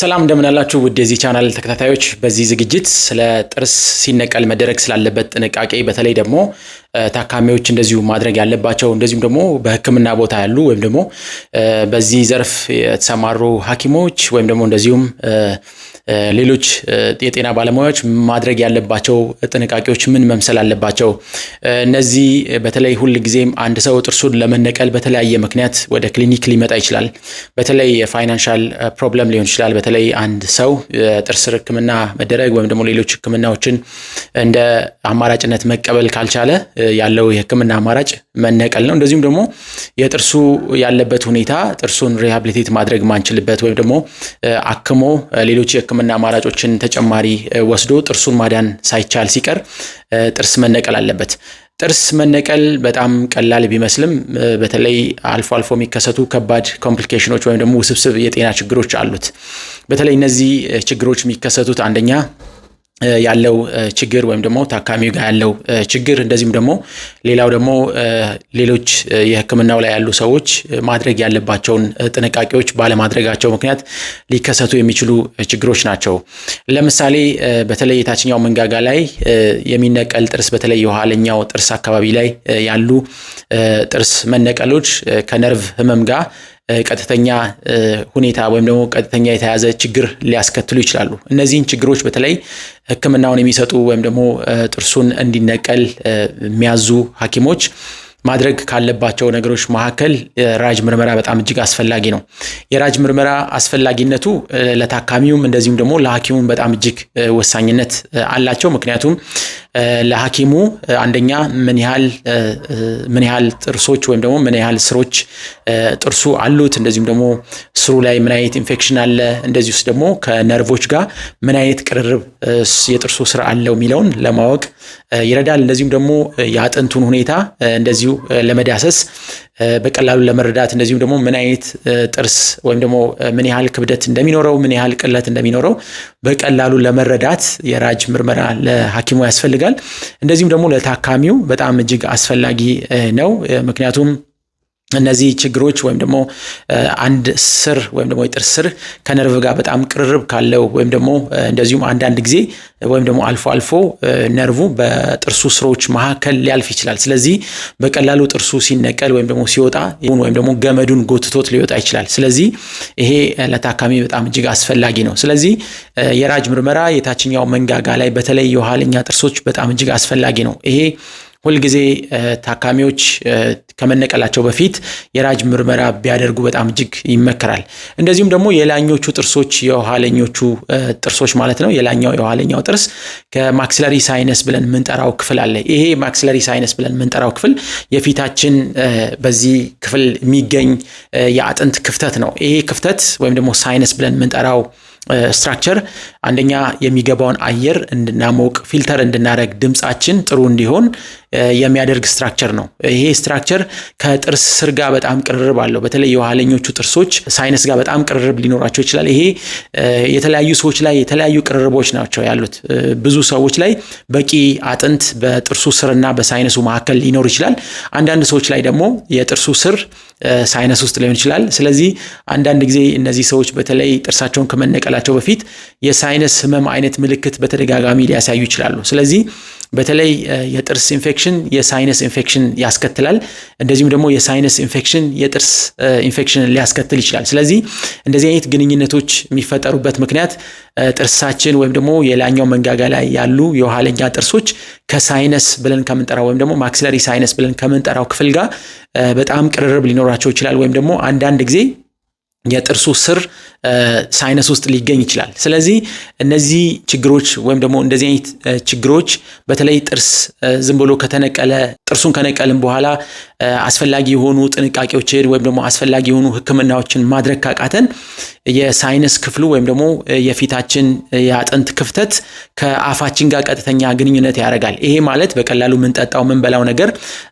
ሰላም እንደምን አላችሁ ውድ የዚህ ቻናል ተከታታዮች። በዚህ ዝግጅት ስለ ጥርስ ሲነቀል መደረግ ስላለበት ጥንቃቄ፣ በተለይ ደግሞ ታካሚዎች እንደዚሁ ማድረግ ያለባቸው እንደዚሁም ደግሞ በሕክምና ቦታ ያሉ ወይም ደግሞ በዚህ ዘርፍ የተሰማሩ ሐኪሞች ወይም ደግሞ እንደዚሁም ሌሎች የጤና ባለሙያዎች ማድረግ ያለባቸው ጥንቃቄዎች ምን መምሰል አለባቸው? እነዚህ በተለይ ሁል ጊዜም አንድ ሰው ጥርሱን ለመነቀል በተለያየ ምክንያት ወደ ክሊኒክ ሊመጣ ይችላል። በተለይ የፋይናንሻል ፕሮብለም ሊሆን ይችላል። በተለይ አንድ ሰው ጥርስ ሕክምና መደረግ ወይም ደግሞ ሌሎች ሕክምናዎችን እንደ አማራጭነት መቀበል ካልቻለ ያለው የህክምና አማራጭ መነቀል ነው። እንደዚሁም ደግሞ የጥርሱ ያለበት ሁኔታ ጥርሱን ሪሃብሊቴት ማድረግ ማንችልበት ወይም ደግሞ አክሞ ሌሎች የህክምና አማራጮችን ተጨማሪ ወስዶ ጥርሱን ማዳን ሳይቻል ሲቀር ጥርስ መነቀል አለበት። ጥርስ መነቀል በጣም ቀላል ቢመስልም በተለይ አልፎ አልፎ የሚከሰቱ ከባድ ኮምፕሊኬሽኖች ወይም ደግሞ ውስብስብ የጤና ችግሮች አሉት። በተለይ እነዚህ ችግሮች የሚከሰቱት አንደኛ ያለው ችግር ወይም ደግሞ ታካሚው ጋር ያለው ችግር እንደዚሁም ደግሞ ሌላው ደግሞ ሌሎች የሕክምናው ላይ ያሉ ሰዎች ማድረግ ያለባቸውን ጥንቃቄዎች ባለማድረጋቸው ምክንያት ሊከሰቱ የሚችሉ ችግሮች ናቸው። ለምሳሌ በተለይ የታችኛው መንጋጋ ላይ የሚነቀል ጥርስ በተለይ የኋለኛው ጥርስ አካባቢ ላይ ያሉ ጥርስ መነቀሎች ከነርቭ ህመም ጋር ቀጥተኛ ሁኔታ ወይም ደግሞ ቀጥተኛ የተያዘ ችግር ሊያስከትሉ ይችላሉ። እነዚህን ችግሮች በተለይ ሕክምናውን የሚሰጡ ወይም ደግሞ ጥርሱን እንዲነቀል የሚያዙ ሐኪሞች ማድረግ ካለባቸው ነገሮች መካከል ራጅ ምርመራ በጣም እጅግ አስፈላጊ ነው። የራጅ ምርመራ አስፈላጊነቱ ለታካሚውም እንደዚሁም ደግሞ ለሐኪሙም በጣም እጅግ ወሳኝነት አላቸው። ምክንያቱም ለሐኪሙ አንደኛ ምን ያህል ምን ያህል ጥርሶች ወይም ደግሞ ምን ያህል ስሮች ጥርሱ አሉት፣ እንደዚሁም ደግሞ ስሩ ላይ ምን አይነት ኢንፌክሽን አለ፣ እንደዚህ ውስጥ ደግሞ ከነርቮች ጋር ምን አይነት ቅርርብ የጥርሱ ስር አለው የሚለውን ለማወቅ ይረዳል። እንደዚሁም ደግሞ የአጥንቱን ሁኔታ እንደዚሁ እንደዚሁ ለመዳሰስ በቀላሉ ለመረዳት እንደዚሁም ደግሞ ምን አይነት ጥርስ ወይም ደግሞ ምን ያህል ክብደት እንደሚኖረው ምን ያህል ቅለት እንደሚኖረው በቀላሉ ለመረዳት የራጅ ምርመራ ለሐኪሙ ያስፈልጋል። እንደዚሁም ደግሞ ለታካሚው በጣም እጅግ አስፈላጊ ነው። ምክንያቱም እነዚህ ችግሮች ወይም ደግሞ አንድ ስር ወይም ደግሞ የጥርስ ስር ከነርቭ ጋር በጣም ቅርርብ ካለው ወይም ደግሞ እንደዚሁም አንዳንድ ጊዜ ወይም ደግሞ አልፎ አልፎ ነርቩ በጥርሱ ስሮች መካከል ሊያልፍ ይችላል። ስለዚህ በቀላሉ ጥርሱ ሲነቀል ወይም ደግሞ ሲወጣ ወይም ደግሞ ገመዱን ጎትቶት ሊወጣ ይችላል። ስለዚህ ይሄ ለታካሚ በጣም እጅግ አስፈላጊ ነው። ስለዚህ የራጅ ምርመራ የታችኛው መንጋጋ ላይ በተለይ የኋለኛ ጥርሶች በጣም እጅግ አስፈላጊ ነው። ይሄ ሁልጊዜ ታካሚዎች ከመነቀላቸው በፊት የራጅ ምርመራ ቢያደርጉ በጣም እጅግ ይመከራል። እንደዚሁም ደግሞ የላኞቹ ጥርሶች የኋለኞቹ ጥርሶች ማለት ነው የላኛው የኋለኛው ጥርስ ከማክስለሪ ሳይነስ ብለን ምንጠራው ክፍል አለ። ይሄ ማክስለሪ ሳይነስ ብለን ምንጠራው ክፍል የፊታችን በዚህ ክፍል የሚገኝ የአጥንት ክፍተት ነው። ይሄ ክፍተት ወይም ደግሞ ሳይነስ ብለን ምንጠራው ስትራክቸር አንደኛ የሚገባውን አየር እንድናሞቅ ፊልተር እንድናደረግ ድምፃችን ጥሩ እንዲሆን የሚያደርግ ስትራክቸር ነው። ይሄ ስትራክቸር ከጥርስ ስር ጋር በጣም ቅርርብ አለው። በተለይ የኋለኞቹ ጥርሶች ሳይነስ ጋር በጣም ቅርርብ ሊኖራቸው ይችላል። ይሄ የተለያዩ ሰዎች ላይ የተለያዩ ቅርርቦች ናቸው ያሉት። ብዙ ሰዎች ላይ በቂ አጥንት በጥርሱ ስርና በሳይነሱ መካከል ሊኖር ይችላል። አንዳንድ ሰዎች ላይ ደግሞ የጥርሱ ስር ሳይነስ ውስጥ ሊሆን ይችላል። ስለዚህ አንዳንድ ጊዜ እነዚህ ሰዎች በተለይ ጥርሳቸውን ከመነቀላቸው በፊት የሳይነስ ህመም አይነት ምልክት በተደጋጋሚ ሊያሳዩ ይችላሉ። ስለዚህ በተለይ የጥርስ ኢንፌክሽን የሳይነስ ኢንፌክሽን ያስከትላል። እንደዚሁም ደግሞ የሳይነስ ኢንፌክሽን የጥርስ ኢንፌክሽን ሊያስከትል ይችላል። ስለዚህ እንደዚህ አይነት ግንኙነቶች የሚፈጠሩበት ምክንያት ጥርሳችን ወይም ደግሞ የላኛው መንጋጋ ላይ ያሉ የኋለኛ ጥርሶች ከሳይነስ ብለን ከምንጠራው ወይም ደግሞ ማክሲለሪ ሳይነስ ብለን ከምንጠራው ክፍል ጋር በጣም ቅርርብ ሊኖረ ሊኖራቸው ይችላል ወይም ደግሞ አንዳንድ ጊዜ የጥርሱ ስር ሳይነስ ውስጥ ሊገኝ ይችላል። ስለዚህ እነዚህ ችግሮች ወይም ደግሞ እንደዚህ አይነት ችግሮች በተለይ ጥርስ ዝም ብሎ ከተነቀለ ጥርሱን ከነቀልን በኋላ አስፈላጊ የሆኑ ጥንቃቄዎችን ወይም ደግሞ አስፈላጊ የሆኑ ሕክምናዎችን ማድረግ ካቃተን የሳይነስ ክፍሉ ወይም ደግሞ የፊታችን የአጥንት ክፍተት ከአፋችን ጋር ቀጥተኛ ግንኙነት ያደርጋል። ይሄ ማለት በቀላሉ የምንጠጣው የምንበላው ነገር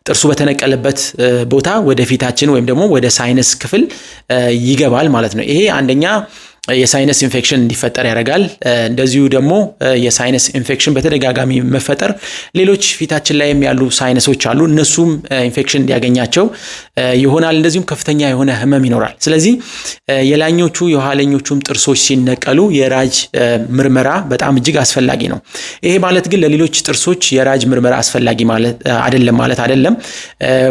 ጥርሱ በተነቀለበት ቦታ ወደ ፊታችን ወይም ደግሞ ወደ ሳይነስ ክፍል ይገባል ማለት ነው። ይሄ አንደኛ የሳይነስ ኢንፌክሽን እንዲፈጠር ያደርጋል። እንደዚሁ ደግሞ የሳይነስ ኢንፌክሽን በተደጋጋሚ መፈጠር ሌሎች ፊታችን ላይም ያሉ ሳይነሶች አሉ፣ እነሱም ኢንፌክሽን እንዲያገኛቸው ይሆናል። እንደዚሁም ከፍተኛ የሆነ ህመም ይኖራል። ስለዚህ የላኞቹ የኋለኞቹም ጥርሶች ሲነቀሉ የራጅ ምርመራ በጣም እጅግ አስፈላጊ ነው። ይሄ ማለት ግን ለሌሎች ጥርሶች የራጅ ምርመራ አስፈላጊ ማለት አይደለም ማለት አይደለም።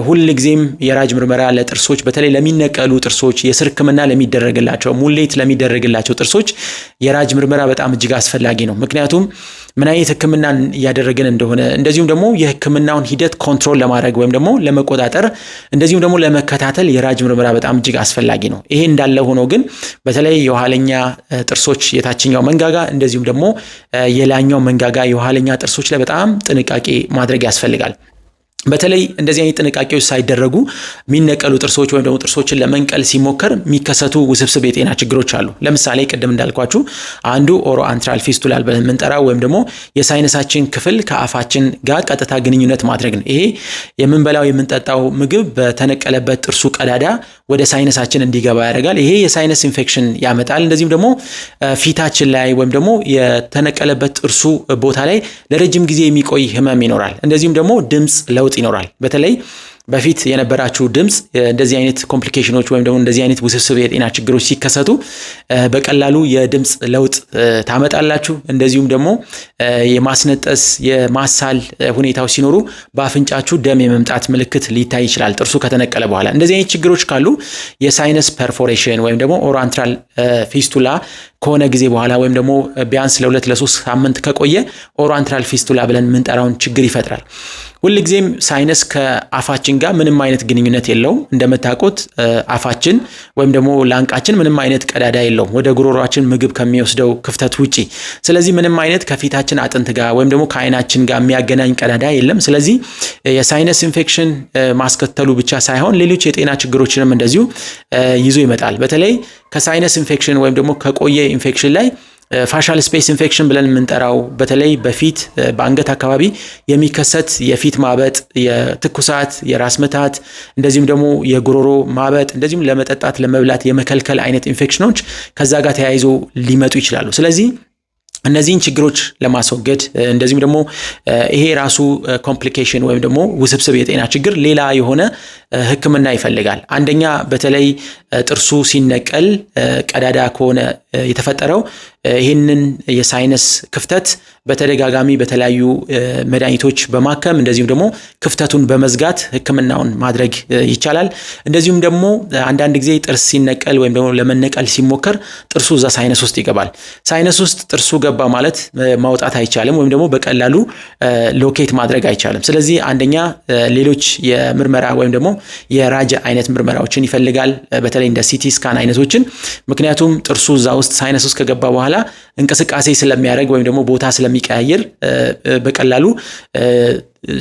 ሁል ጊዜም የራጅ ምርመራ ለጥርሶች በተለይ ለሚነቀሉ ጥርሶች የስር ህክምና ለሚደረግላቸው ሙሌት ለሚደረግ የሚደረግላቸው ጥርሶች የራጅ ምርመራ በጣም እጅግ አስፈላጊ ነው። ምክንያቱም ምን አይነት ሕክምናን እያደረግን እንደሆነ እንደዚሁም ደግሞ የሕክምናውን ሂደት ኮንትሮል ለማድረግ ወይም ደግሞ ለመቆጣጠር እንደዚሁም ደግሞ ለመከታተል የራጅ ምርመራ በጣም እጅግ አስፈላጊ ነው። ይሄ እንዳለ ሆኖ ግን በተለይ የኋለኛ ጥርሶች የታችኛው መንጋጋ እንደዚሁም ደግሞ የላኛው መንጋጋ የኋለኛ ጥርሶች ላይ በጣም ጥንቃቄ ማድረግ ያስፈልጋል። በተለይ እንደዚህ አይነት ጥንቃቄዎች ሳይደረጉ የሚነቀሉ ጥርሶች ወይም ደግሞ ጥርሶችን ለመንቀል ሲሞከር የሚከሰቱ ውስብስብ የጤና ችግሮች አሉ። ለምሳሌ ቅድም እንዳልኳችሁ አንዱ ኦሮ አንትራል ፊስቱላል ብለን የምንጠራው ወይም ደግሞ የሳይነሳችን ክፍል ከአፋችን ጋር ቀጥታ ግንኙነት ማድረግ ነው። ይሄ የምንበላው የምንጠጣው ምግብ በተነቀለበት ጥርሱ ቀዳዳ ወደ ሳይነሳችን እንዲገባ ያደርጋል። ይሄ የሳይነስ ኢንፌክሽን ያመጣል። እንደዚሁም ደግሞ ፊታችን ላይ ወይም ደግሞ የተነቀለበት ጥርሱ ቦታ ላይ ለረጅም ጊዜ የሚቆይ ህመም ይኖራል። እንደዚሁም ደግሞ ድምፅ ለው ለውጥ ይኖራል። በተለይ በፊት የነበራችሁ ድምፅ እንደዚህ አይነት ኮምፕሊኬሽኖች ወይም ደግሞ እንደዚህ አይነት ውስብስብ የጤና ችግሮች ሲከሰቱ በቀላሉ የድምፅ ለውጥ ታመጣላችሁ። እንደዚሁም ደግሞ የማስነጠስ የማሳል ሁኔታው ሲኖሩ በአፍንጫችሁ ደም የመምጣት ምልክት ሊታይ ይችላል፣ ጥርሱ ከተነቀለ በኋላ። እንደዚህ አይነት ችግሮች ካሉ የሳይነስ ፐርፎሬሽን ወይም ደግሞ ኦሮአንትራል ፊስቱላ ከሆነ ጊዜ በኋላ ወይም ደግሞ ቢያንስ ለሁለት ለሶስት ሳምንት ከቆየ ኦሮአንትራል ፊስቱላ ብለን የምንጠራውን ችግር ይፈጥራል። ሁልጊዜም ሳይነስ ከአፋችን ጋር ምንም አይነት ግንኙነት የለውም። እንደምታውቁት አፋችን ወይም ደግሞ ላንቃችን ምንም አይነት ቀዳዳ የለውም ወደ ጉሮሯችን ምግብ ከሚወስደው ክፍተት ውጪ። ስለዚህ ምንም አይነት ከፊታችን አጥንት ጋር ወይም ደግሞ ከአይናችን ጋር የሚያገናኝ ቀዳዳ የለም። ስለዚህ የሳይነስ ኢንፌክሽን ማስከተሉ ብቻ ሳይሆን ሌሎች የጤና ችግሮችንም እንደዚሁ ይዞ ይመጣል። በተለይ ከሳይነስ ኢንፌክሽን ወይም ደግሞ ከቆየ ኢንፌክሽን ላይ ፋሻል ስፔስ ኢንፌክሽን ብለን የምንጠራው በተለይ በፊት በአንገት አካባቢ የሚከሰት የፊት ማበጥ፣ የትኩሳት፣ የራስ ምታት እንደዚሁም ደግሞ የጉሮሮ ማበጥ እንደዚሁም ለመጠጣት ለመብላት የመከልከል አይነት ኢንፌክሽኖች ከዛ ጋር ተያይዞ ሊመጡ ይችላሉ። ስለዚህ እነዚህን ችግሮች ለማስወገድ እንደዚሁም ደግሞ ይሄ ራሱ ኮምፕሊኬሽን ወይም ደግሞ ውስብስብ የጤና ችግር ሌላ የሆነ ሕክምና ይፈልጋል። አንደኛ በተለይ ጥርሱ ሲነቀል ቀዳዳ ከሆነ የተፈጠረው ይህንን የሳይነስ ክፍተት በተደጋጋሚ በተለያዩ መድኃኒቶች በማከም እንደዚሁም ደግሞ ክፍተቱን በመዝጋት ሕክምናውን ማድረግ ይቻላል። እንደዚሁም ደግሞ አንዳንድ ጊዜ ጥርስ ሲነቀል ወይም ደግሞ ለመነቀል ሲሞከር ጥርሱ እዛ ሳይነስ ውስጥ ይገባል። ሳይነስ ውስጥ ጥርሱ ገባ ማለት ማውጣት አይቻልም፣ ወይም ደግሞ በቀላሉ ሎኬት ማድረግ አይቻልም። ስለዚህ አንደኛ ሌሎች የምርመራ ወይም ደግሞ የራጀ አይነት ምርመራዎችን ይፈልጋል፣ በተለይ እንደ ሲቲ ስካን አይነቶችን። ምክንያቱም ጥርሱ እዛ ውስጥ ሳይነስ ውስጥ ከገባ በኋላ Voilà. እንቅስቃሴ ስለሚያደርግ ወይም ደግሞ ቦታ ስለሚቀያየር በቀላሉ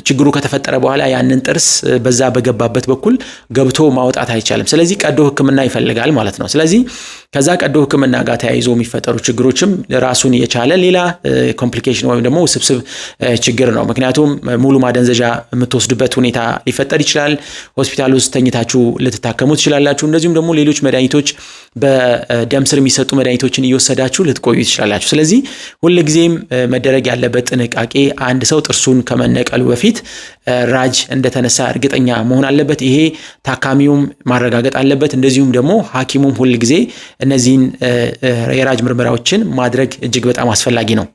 ችግሩ ከተፈጠረ በኋላ ያንን ጥርስ በዛ በገባበት በኩል ገብቶ ማውጣት አይቻልም። ስለዚህ ቀዶ ሕክምና ይፈልጋል ማለት ነው። ስለዚህ ከዛ ቀዶ ሕክምና ጋር ተያይዞ የሚፈጠሩ ችግሮችም ራሱን የቻለ ሌላ ኮምፕሊኬሽን ወይም ደግሞ ውስብስብ ችግር ነው። ምክንያቱም ሙሉ ማደንዘዣ የምትወስድበት ሁኔታ ሊፈጠር ይችላል። ሆስፒታል ውስጥ ተኝታችሁ ልትታከሙ ትችላላችሁ። እንደዚሁም ደግሞ ሌሎች መድኃኒቶች፣ በደም ስር የሚሰጡ መድኃኒቶችን እየወሰዳችሁ ልትቆዩ ይችላል ትችላላችሁ። ስለዚህ ሁልጊዜም መደረግ ያለበት ጥንቃቄ አንድ ሰው ጥርሱን ከመነቀሉ በፊት ራጅ እንደተነሳ እርግጠኛ መሆን አለበት። ይሄ ታካሚውም ማረጋገጥ አለበት። እንደዚሁም ደግሞ ሐኪሙም ሁልጊዜ እነዚህን የራጅ ምርመራዎችን ማድረግ እጅግ በጣም አስፈላጊ ነው።